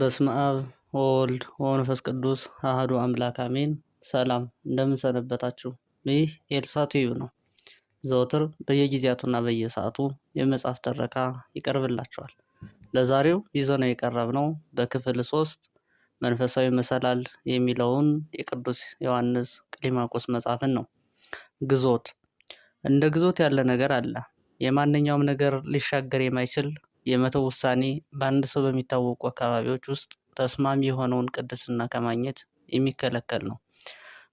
በስመ አብ ወወልድ ወመንፈስ ቅዱስ አህዱ አምላክ አሜን። ሰላም እንደምንሰነበታችሁ። ይህ ኤልሳቲዩ ነው። ዘወትር በየጊዜያቱና በየሰዓቱ የመጽሐፍ ትረካ ይቀርብላችኋል። ለዛሬው ይዘነው የቀረብነው በክፍል ሶስት መንፈሳዊ መሰላል የሚለውን የቅዱስ ዮሐንስ ቅሊማቆስ መጽሐፍን ነው። ግዞት እንደ ግዞት ያለ ነገር አለ። የማንኛውም ነገር ሊሻገር የማይችል የመተው ውሳኔ በአንድ ሰው በሚታወቁ አካባቢዎች ውስጥ ተስማሚ የሆነውን ቅድስና ከማግኘት የሚከለከል ነው።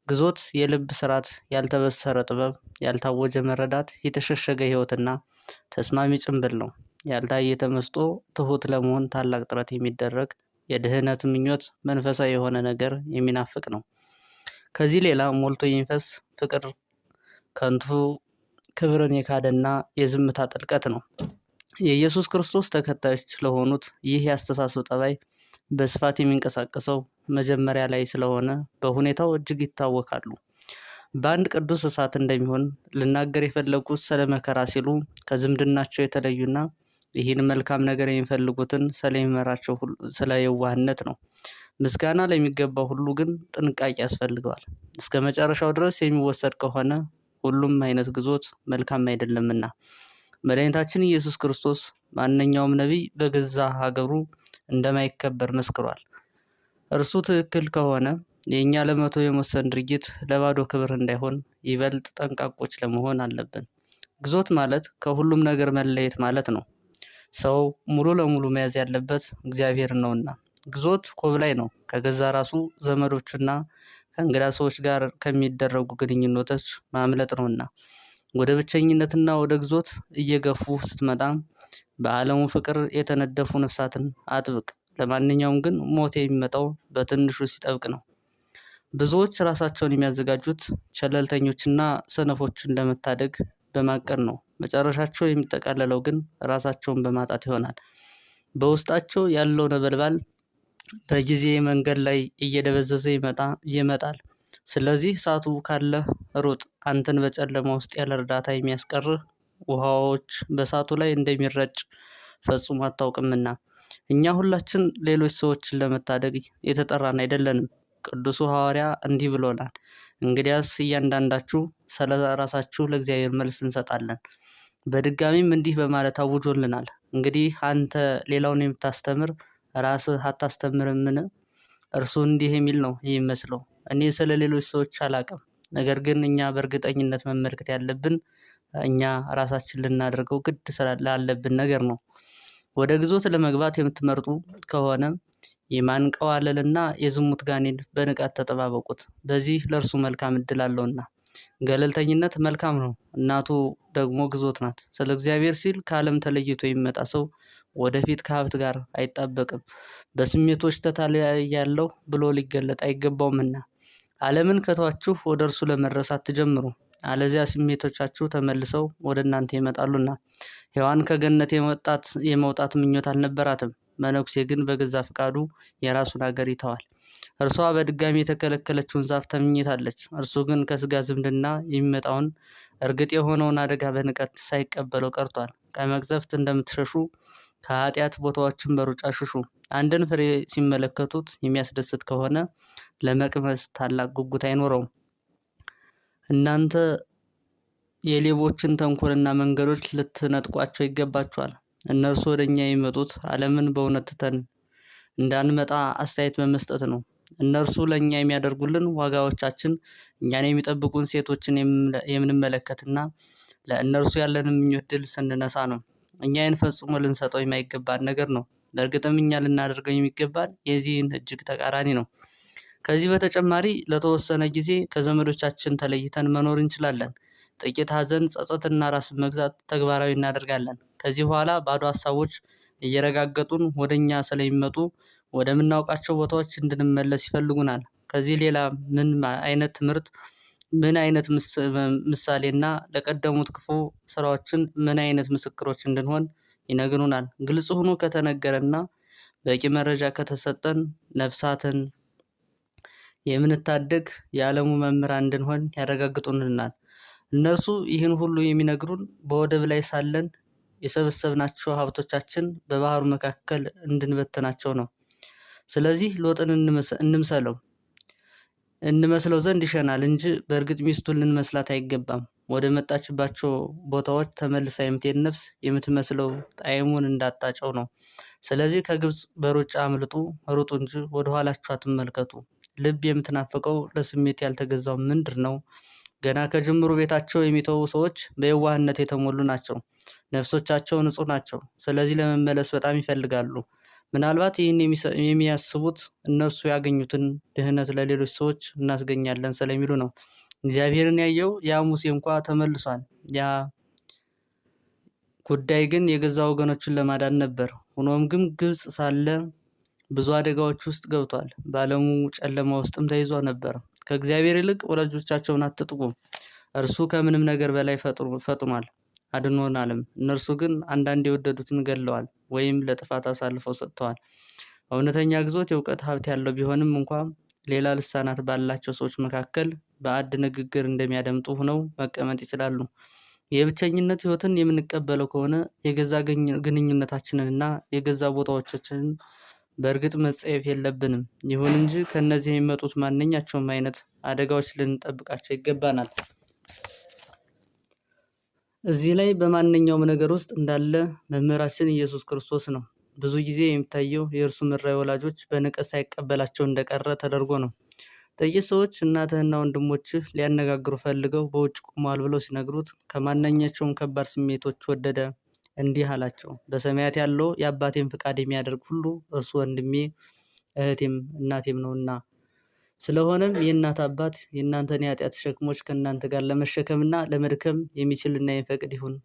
ግዞት የልብ ስርዓት፣ ያልተበሰረ ጥበብ፣ ያልታወጀ መረዳት፣ የተሸሸገ ህይወትና ተስማሚ ጭንብል ነው። ያልታየ ተመስጦ፣ ትሁት ለመሆን ታላቅ ጥረት የሚደረግ የድህነት ምኞት፣ መንፈሳዊ የሆነ ነገር የሚናፍቅ ነው። ከዚህ ሌላ ሞልቶ የሚፈስ ፍቅር ከንቱ ክብርን የካደና የዝምታ ጥልቀት ነው። የኢየሱስ ክርስቶስ ተከታዮች ስለሆኑት ይህ የአስተሳሰብ ጠባይ በስፋት የሚንቀሳቀሰው መጀመሪያ ላይ ስለሆነ በሁኔታው እጅግ ይታወካሉ። በአንድ ቅዱስ እሳት እንደሚሆን ልናገር የፈለጉት ስለ መከራ ሲሉ ከዝምድናቸው የተለዩና ይህን መልካም ነገር የሚፈልጉትን ስለሚመራቸው ስለ የዋህነት ነው። ምስጋና ለሚገባው ሁሉ ግን ጥንቃቄ ያስፈልገዋል። እስከ መጨረሻው ድረስ የሚወሰድ ከሆነ ሁሉም አይነት ግዞት መልካም አይደለምና መድኃኒታችን ኢየሱስ ክርስቶስ ማንኛውም ነቢይ በገዛ ሀገሩ እንደማይከበር መስክሯል። እርሱ ትክክል ከሆነ የእኛ ለመቶ የመወሰን ድርጊት ለባዶ ክብር እንዳይሆን ይበልጥ ጠንቃቆች ለመሆን አለብን። ግዞት ማለት ከሁሉም ነገር መለየት ማለት ነው። ሰው ሙሉ ለሙሉ መያዝ ያለበት እግዚአብሔር ነውና ግዞት ኮብላይ ነው። ከገዛ ራሱ ዘመዶቹና ከእንግዳ ሰዎች ጋር ከሚደረጉ ግንኙነቶች ማምለጥ ነውና ወደ ብቸኝነትና ወደ ግዞት እየገፉ ስትመጣ በዓለሙ ፍቅር የተነደፉ ነፍሳትን አጥብቅ። ለማንኛውም ግን ሞት የሚመጣው በትንሹ ሲጠብቅ ነው። ብዙዎች ራሳቸውን የሚያዘጋጁት ቸለልተኞችና ሰነፎችን ለመታደግ በማቀድ ነው። መጨረሻቸው የሚጠቃለለው ግን ራሳቸውን በማጣት ይሆናል። በውስጣቸው ያለው ነበልባል በጊዜ መንገድ ላይ እየደበዘዘ ይመጣል። ስለዚህ እሳቱ ካለ ሩጥ አንተን በጨለማ ውስጥ ያለ እርዳታ የሚያስቀርህ ውሃዎች በእሳቱ ላይ እንደሚረጭ ፈጽሞ አታውቅምና። እኛ ሁላችን ሌሎች ሰዎችን ለመታደግ የተጠራን አይደለንም። ቅዱሱ ሐዋርያ እንዲህ ብሎናል። እንግዲያስ እያንዳንዳችሁ ራሳችሁ ለእግዚአብሔር መልስ እንሰጣለን። በድጋሚም እንዲህ በማለት አውጆልናል። እንግዲህ አንተ ሌላውን የምታስተምር ራስህ አታስተምርምን? እርሱ እንዲህ የሚል ነው የሚመስለው እኔ ስለ ሌሎች ሰዎች አላውቅም። ነገር ግን እኛ በእርግጠኝነት መመልከት ያለብን እኛ ራሳችን ልናደርገው ግድ ስላለብን ነገር ነው። ወደ ግዞት ለመግባት የምትመርጡ ከሆነ የማንቀዋለልና የዝሙት ጋኔን በንቃት ተጠባበቁት፣ በዚህ ለእርሱ መልካም እድል አለውና። ገለልተኝነት መልካም ነው፣ እናቱ ደግሞ ግዞት ናት። ስለ እግዚአብሔር ሲል ከዓለም ተለይቶ የሚመጣ ሰው ወደፊት ከሀብት ጋር አይጣበቅም። በስሜቶች ተታላይ ያለው ብሎ ሊገለጥ አይገባውምና ዓለምን ከቷችሁ ወደ እርሱ ለመድረሳት አትጀምሩ አለዚያ ስሜቶቻችሁ ተመልሰው ወደ እናንተ ይመጣሉና። ሔዋን ከገነት የመውጣት የመውጣት ምኞት አልነበራትም። መነኩሴ ግን በገዛ ፈቃዱ የራሱን አገር ይተዋል። እርሷ በድጋሚ የተከለከለችውን ዛፍ ተምኝታለች። እርሱ ግን ከስጋ ዝምድና የሚመጣውን እርግጥ የሆነውን አደጋ በንቀት ሳይቀበለው ቀርቷል። ከመቅዘፍት እንደምትሸሹ ከኃጢአት ቦታዎችን በሩጫ ሽሹ። አንድን ፍሬ ሲመለከቱት የሚያስደስት ከሆነ ለመቅመስ ታላቅ ጉጉት አይኖረውም። እናንተ የሌቦችን ተንኮልና መንገዶች ልትነጥቋቸው ይገባቸዋል። እነርሱ ወደ እኛ የሚመጡት ዓለምን በእውነት ትተን እንዳንመጣ አስተያየት በመስጠት ነው። እነርሱ ለእኛ የሚያደርጉልን ዋጋዎቻችን እኛን የሚጠብቁን ሴቶችን የምንመለከትና ለእነርሱ ያለን ምኞት ድል ስንነሳ ነው። እኛ ይህን ፈጽሞ ልንሰጠው የማይገባን ነገር ነው። በእርግጥም እኛ ልናደርገው የሚገባን የዚህን እጅግ ተቃራኒ ነው። ከዚህ በተጨማሪ ለተወሰነ ጊዜ ከዘመዶቻችን ተለይተን መኖር እንችላለን። ጥቂት ሐዘን፣ ጸጸትና ራስን መግዛት ተግባራዊ እናደርጋለን። ከዚህ በኋላ ባዶ ሀሳቦች እየረጋገጡን ወደ እኛ ስለሚመጡ ወደምናውቃቸው ቦታዎች እንድንመለስ ይፈልጉናል። ከዚህ ሌላ ምን አይነት ትምህርት ምን አይነት ምሳሌና ለቀደሙት ክፉ ስራዎችን ምን አይነት ምስክሮች እንድንሆን ይነግሩናል። ግልጽ ሆኖ ከተነገረና በቂ መረጃ ከተሰጠን ነፍሳትን የምንታደግ የዓለሙ መምህራን እንድንሆን ያረጋግጡንናል። እነርሱ ይህን ሁሉ የሚነግሩን በወደብ ላይ ሳለን የሰበሰብናቸው ሀብቶቻችን በባህሩ መካከል እንድንበትናቸው ነው። ስለዚህ ሎጥን እንምሰለው እንመስለው ዘንድ ይሸናል እንጂ በእርግጥ ሚስቱን ልንመስላት አይገባም። ወደ መጣችባቸው ቦታዎች ተመልሳ የምትሄድ ነፍስ የምትመስለው ጣዕሙን እንዳጣጨው ነው። ስለዚህ ከግብፅ በሩጫ አምልጡ፣ ሩጡ እንጂ ወደ ኋላችሁ አትመልከቱ። ልብ የምትናፍቀው ለስሜት ያልተገዛው ምንድር ነው? ገና ከጅምሩ ቤታቸው የሚተዉ ሰዎች በየዋህነት የተሞሉ ናቸው። ነፍሶቻቸው ንጹህ ናቸው። ስለዚህ ለመመለስ በጣም ይፈልጋሉ። ምናልባት ይህን የሚያስቡት እነሱ ያገኙትን ድህነት ለሌሎች ሰዎች እናስገኛለን ስለሚሉ ነው። እግዚአብሔርን ያየው ያ ሙሴ እንኳ ተመልሷል። ያ ጉዳይ ግን የገዛ ወገኖቹን ለማዳን ነበር። ሆኖም ግን ግብፅ ሳለ ብዙ አደጋዎች ውስጥ ገብቷል። በዓለሙ ጨለማ ውስጥም ተይዞ ነበር። ከእግዚአብሔር ይልቅ ወላጆቻቸውን አትጥቁ፣ እርሱ ከምንም ነገር በላይ ፈጥኗል። አድኖናልም። እነርሱ ግን አንዳንድ የወደዱትን ገለዋል ወይም ለጥፋት አሳልፈው ሰጥተዋል። እውነተኛ ግዞት የእውቀት ሀብት ያለው ቢሆንም እንኳ ሌላ ልሳናት ባላቸው ሰዎች መካከል በአድ ንግግር እንደሚያደምጡ ሆነው መቀመጥ ይችላሉ። የብቸኝነት ህይወትን የምንቀበለው ከሆነ የገዛ ግንኙነታችንን እና የገዛ ቦታዎቻችንን በእርግጥ መጸየፍ የለብንም። ይሁን እንጂ ከእነዚህ የሚመጡት ማንኛቸውም አይነት አደጋዎች ልንጠብቃቸው ይገባናል። እዚህ ላይ በማንኛውም ነገር ውስጥ እንዳለ መምህራችን ኢየሱስ ክርስቶስ ነው። ብዙ ጊዜ የሚታየው የእርሱ ምድራዊ ወላጆች በንቀት ሳይቀበላቸው እንደቀረ ተደርጎ ነው። ጥቂት ሰዎች እናትህና ወንድሞችህ ሊያነጋግሩ ፈልገው በውጭ ቆመዋል ብለው ሲነግሩት ከማናኛቸውም ከባድ ስሜቶች ወደደ፣ እንዲህ አላቸው፣ በሰማያት ያለው የአባቴም ፍቃድ የሚያደርግ ሁሉ እርሱ ወንድሜ እህቴም እናቴም ነውና ስለሆነም የእናት አባት የእናንተን የኃጢአት ሸክሞች ከእናንተ ጋር ለመሸከምና ለመድከም የሚችልና የሚፈቅድ ይሁን።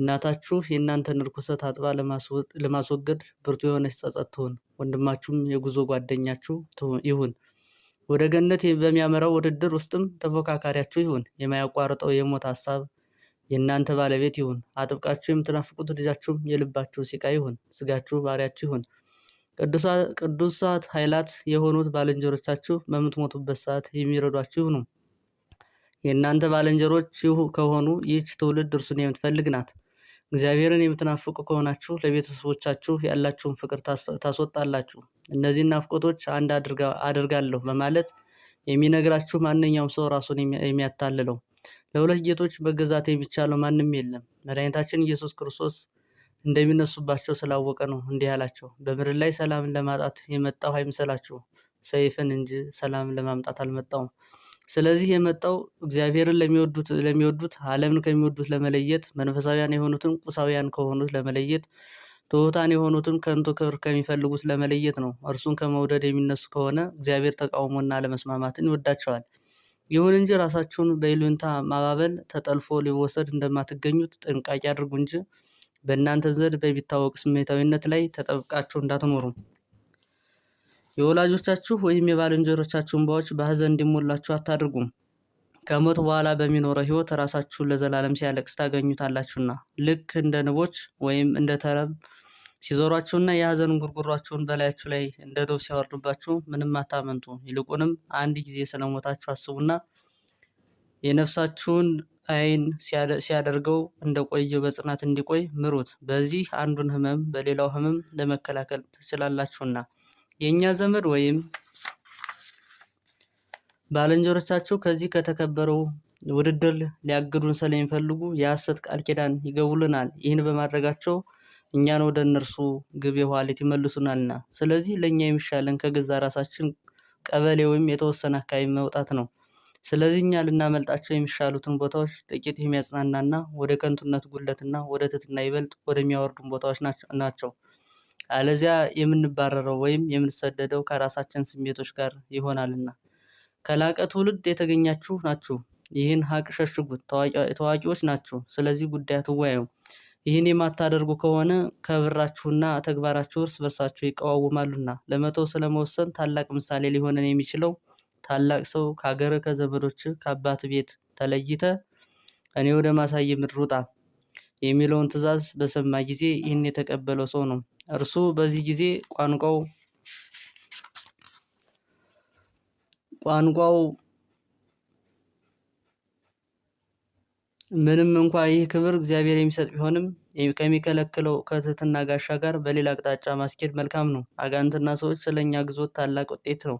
እናታችሁ የእናንተን ርኩሰት አጥባ ለማስወገድ ብርቱ የሆነች ጸጸት ትሁን። ወንድማችሁም የጉዞ ጓደኛችሁ ይሁን። ወደ ገነት በሚያመራው ውድድር ውስጥም ተፎካካሪያችሁ ይሁን። የማያቋርጠው የሞት ሀሳብ የእናንተ ባለቤት ይሁን። አጥብቃችሁ የምትናፍቁት ልጃችሁም የልባችሁ ሲቃ ይሁን። ስጋችሁ ባሪያችሁ ይሁን። ቅዱሳት ኃይላት የሆኑት ባልንጀሮቻችሁ በምትሞቱበት ሰዓት የሚረዷችሁ ነው። የእናንተ ባልንጀሮችሁ ከሆኑ ይህች ትውልድ እርሱን የምትፈልግ ናት። እግዚአብሔርን የምትናፍቁ ከሆናችሁ ለቤተሰቦቻችሁ ያላችሁን ፍቅር ታስወጣላችሁ። እነዚህን ናፍቆቶች አንድ አድርጋለሁ በማለት የሚነግራችሁ ማንኛውም ሰው ራሱን የሚያታልለው ለሁለት ጌቶች መገዛት የሚቻለው ማንም የለም። መድኃኒታችን ኢየሱስ ክርስቶስ እንደሚነሱባቸው ስላወቀ ነው እንዲህ ያላቸው። በምድር ላይ ሰላምን ለማጣት የመጣው አይምሰላችሁ፣ ሰይፍን እንጂ ሰላምን ለማምጣት አልመጣውም። ስለዚህ የመጣው እግዚአብሔርን ለሚወዱት ለሚወዱት ዓለምን ከሚወዱት ለመለየት መንፈሳዊያን የሆኑትን ቁሳውያን ከሆኑት ለመለየት ትሑታን የሆኑትን ከንቱ ክብር ከሚፈልጉት ለመለየት ነው። እርሱን ከመውደድ የሚነሱ ከሆነ እግዚአብሔር ተቃውሞና አለመስማማትን ይወዳቸዋል። ይሁን እንጂ ራሳችሁን በይሉኝታ ማባበል ተጠልፎ ሊወሰድ እንደማትገኙት ጥንቃቄ አድርጉ እንጂ በእናንተ ዘንድ በሚታወቅ ስሜታዊነት ላይ ተጠብቃችሁ እንዳትኖሩ የወላጆቻችሁ ወይም የባልንጀሮቻችሁ እንባዎች በሐዘን እንዲሞላችሁ አታድርጉም። ከሞት በኋላ በሚኖረው ሕይወት ራሳችሁን ለዘላለም ሲያለቅስ ታገኙታላችሁና ልክ እንደ ንቦች ወይም እንደ ተረብ ሲዞሯችሁና የሐዘን ጉርጉሯችሁን በላያችሁ ላይ እንደ ዶብ ሲያወርዱባችሁ ምንም አታመንቱ። ይልቁንም አንድ ጊዜ ስለሞታችሁ አስቡና የነፍሳችሁን አይን ሲያደርገው እንደቆየው በጽናት እንዲቆይ ምሩት። በዚህ አንዱን ህመም በሌላው ህመም ለመከላከል ትችላላችሁና። የእኛ ዘመድ ወይም ባለንጀሮቻቸው ከዚህ ከተከበረው ውድድር ሊያግዱን ስለሚፈልጉ የሐሰት ቃል ኪዳን ይገቡልናል። ይህን በማድረጋቸው እኛን ወደ እነርሱ ግብ የኋሊት ይመልሱናልና፣ ስለዚህ ለእኛ የሚሻለን ከገዛ ራሳችን ቀበሌ ወይም የተወሰነ አካባቢ መውጣት ነው። ስለዚህ እኛ ልናመልጣቸው የሚሻሉትን ቦታዎች ጥቂት የሚያጽናናና ወደ ከንቱነት ጉለትና ወደ ትትና ይበልጥ ወደሚያወርዱን ቦታዎች ናቸው። አለዚያ የምንባረረው ወይም የምንሰደደው ከራሳችን ስሜቶች ጋር ይሆናልና። ከላቀ ትውልድ የተገኛችሁ ናችሁ። ይህን ሀቅ ሸሽጉት። ታዋቂዎች ናችሁ፣ ስለዚህ ጉዳይ ትወያዩ ይህን የማታደርጉ ከሆነ ከብራችሁና ተግባራችሁ እርስ በርሳችሁ ይቀዋወማሉና። ለመተው ስለመወሰን ታላቅ ምሳሌ ሊሆነን የሚችለው ታላቅ ሰው ከሀገረ ከዘመዶች ከአባት ቤት ተለይተ እኔ ወደ ማሳየ ምድር ውጣ የሚለውን ትእዛዝ በሰማ ጊዜ ይህን የተቀበለው ሰው ነው። እርሱ በዚህ ጊዜ ቋንቋው ቋንቋው ምንም እንኳ ይህ ክብር እግዚአብሔር የሚሰጥ ቢሆንም ከሚከለክለው ከትህትና ጋሻ ጋር በሌላ አቅጣጫ ማስኬድ መልካም ነው። አጋንንትና ሰዎች ስለኛ ግዞት ታላቅ ውጤት ነው።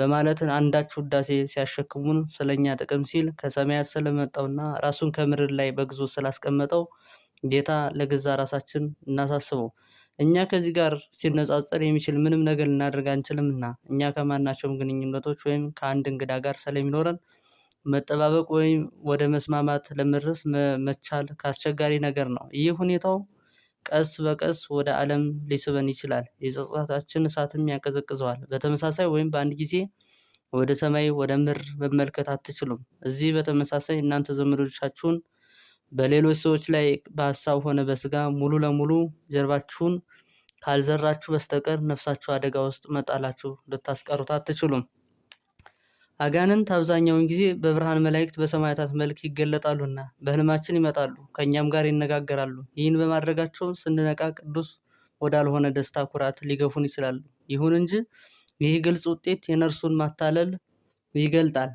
በማለትን አንዳች ውዳሴ ሲያሸክሙን ስለኛ ጥቅም ሲል ከሰማያት ስለመጣውና ራሱን ከምድር ላይ በግዞ ስላስቀመጠው ጌታ ለገዛ ራሳችን እናሳስበው። እኛ ከዚህ ጋር ሲነጻጸር የሚችል ምንም ነገር ልናደርግ አንችልምና እኛ ከማናቸውም ግንኙነቶች ወይም ከአንድ እንግዳ ጋር ስለሚኖረን መጠባበቅ ወይም ወደ መስማማት ለመድረስ መቻል ከአስቸጋሪ ነገር ነው። ይህ ሁኔታው ቀስ በቀስ ወደ አለም ሊስበን ይችላል የጸጸታችን እሳትም ያቀዘቅዘዋል። በተመሳሳይ ወይም በአንድ ጊዜ ወደ ሰማይ ወደ ምድር መመልከት አትችሉም። እዚህ በተመሳሳይ እናንተ ዘመዶቻችሁን በሌሎች ሰዎች ላይ በሀሳብ ሆነ በስጋ ሙሉ ለሙሉ ጀርባችሁን ካልዘራችሁ በስተቀር ነፍሳችሁ አደጋ ውስጥ መጣላችሁ ልታስቀሩት አትችሉም አጋንንት አብዛኛውን ጊዜ በብርሃን መላእክት በሰማያታት መልክ ይገለጣሉና በህልማችን ይመጣሉ፣ ከእኛም ጋር ይነጋገራሉ። ይህን በማድረጋቸውም ስንነቃ ቅዱስ ወዳልሆነ ደስታ፣ ኩራት ሊገፉን ይችላሉ። ይሁን እንጂ ይህ ግልጽ ውጤት የነርሱን ማታለል ይገልጣል።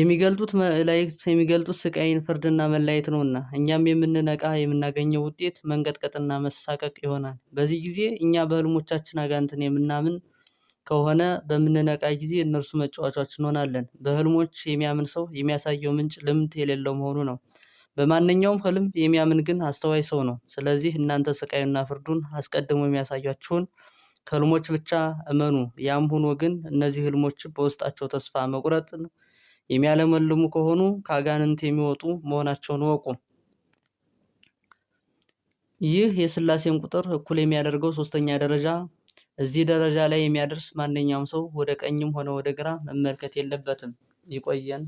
የሚገልጡት መላእክት የሚገልጡት ስቃይን፣ ፍርድና መለያየት ነውና እኛም የምንነቃ የምናገኘው ውጤት መንቀጥቀጥና መሳቀቅ ይሆናል። በዚህ ጊዜ እኛ በህልሞቻችን አጋንንትን የምናምን ከሆነ በምንነቃ ጊዜ እነርሱ መጫወቻዎች እንሆናለን። በህልሞች የሚያምን ሰው የሚያሳየው ምንጭ ልምድ የሌለው መሆኑ ነው። በማንኛውም ህልም የሚያምን ግን አስተዋይ ሰው ነው። ስለዚህ እናንተ ስቃዩና ፍርዱን አስቀድሞ የሚያሳያችሁን ከህልሞች ብቻ እመኑ። ያም ሆኖ ግን እነዚህ ህልሞች በውስጣቸው ተስፋ መቁረጥን የሚያለመልሙ ከሆኑ ከአጋንንት የሚወጡ መሆናቸውን እወቁ። ይህ የስላሴን ቁጥር እኩል የሚያደርገው ሶስተኛ ደረጃ እዚህ ደረጃ ላይ የሚያደርስ ማንኛውም ሰው ወደ ቀኝም ሆነ ወደ ግራ መመልከት የለበትም። ይቆየን።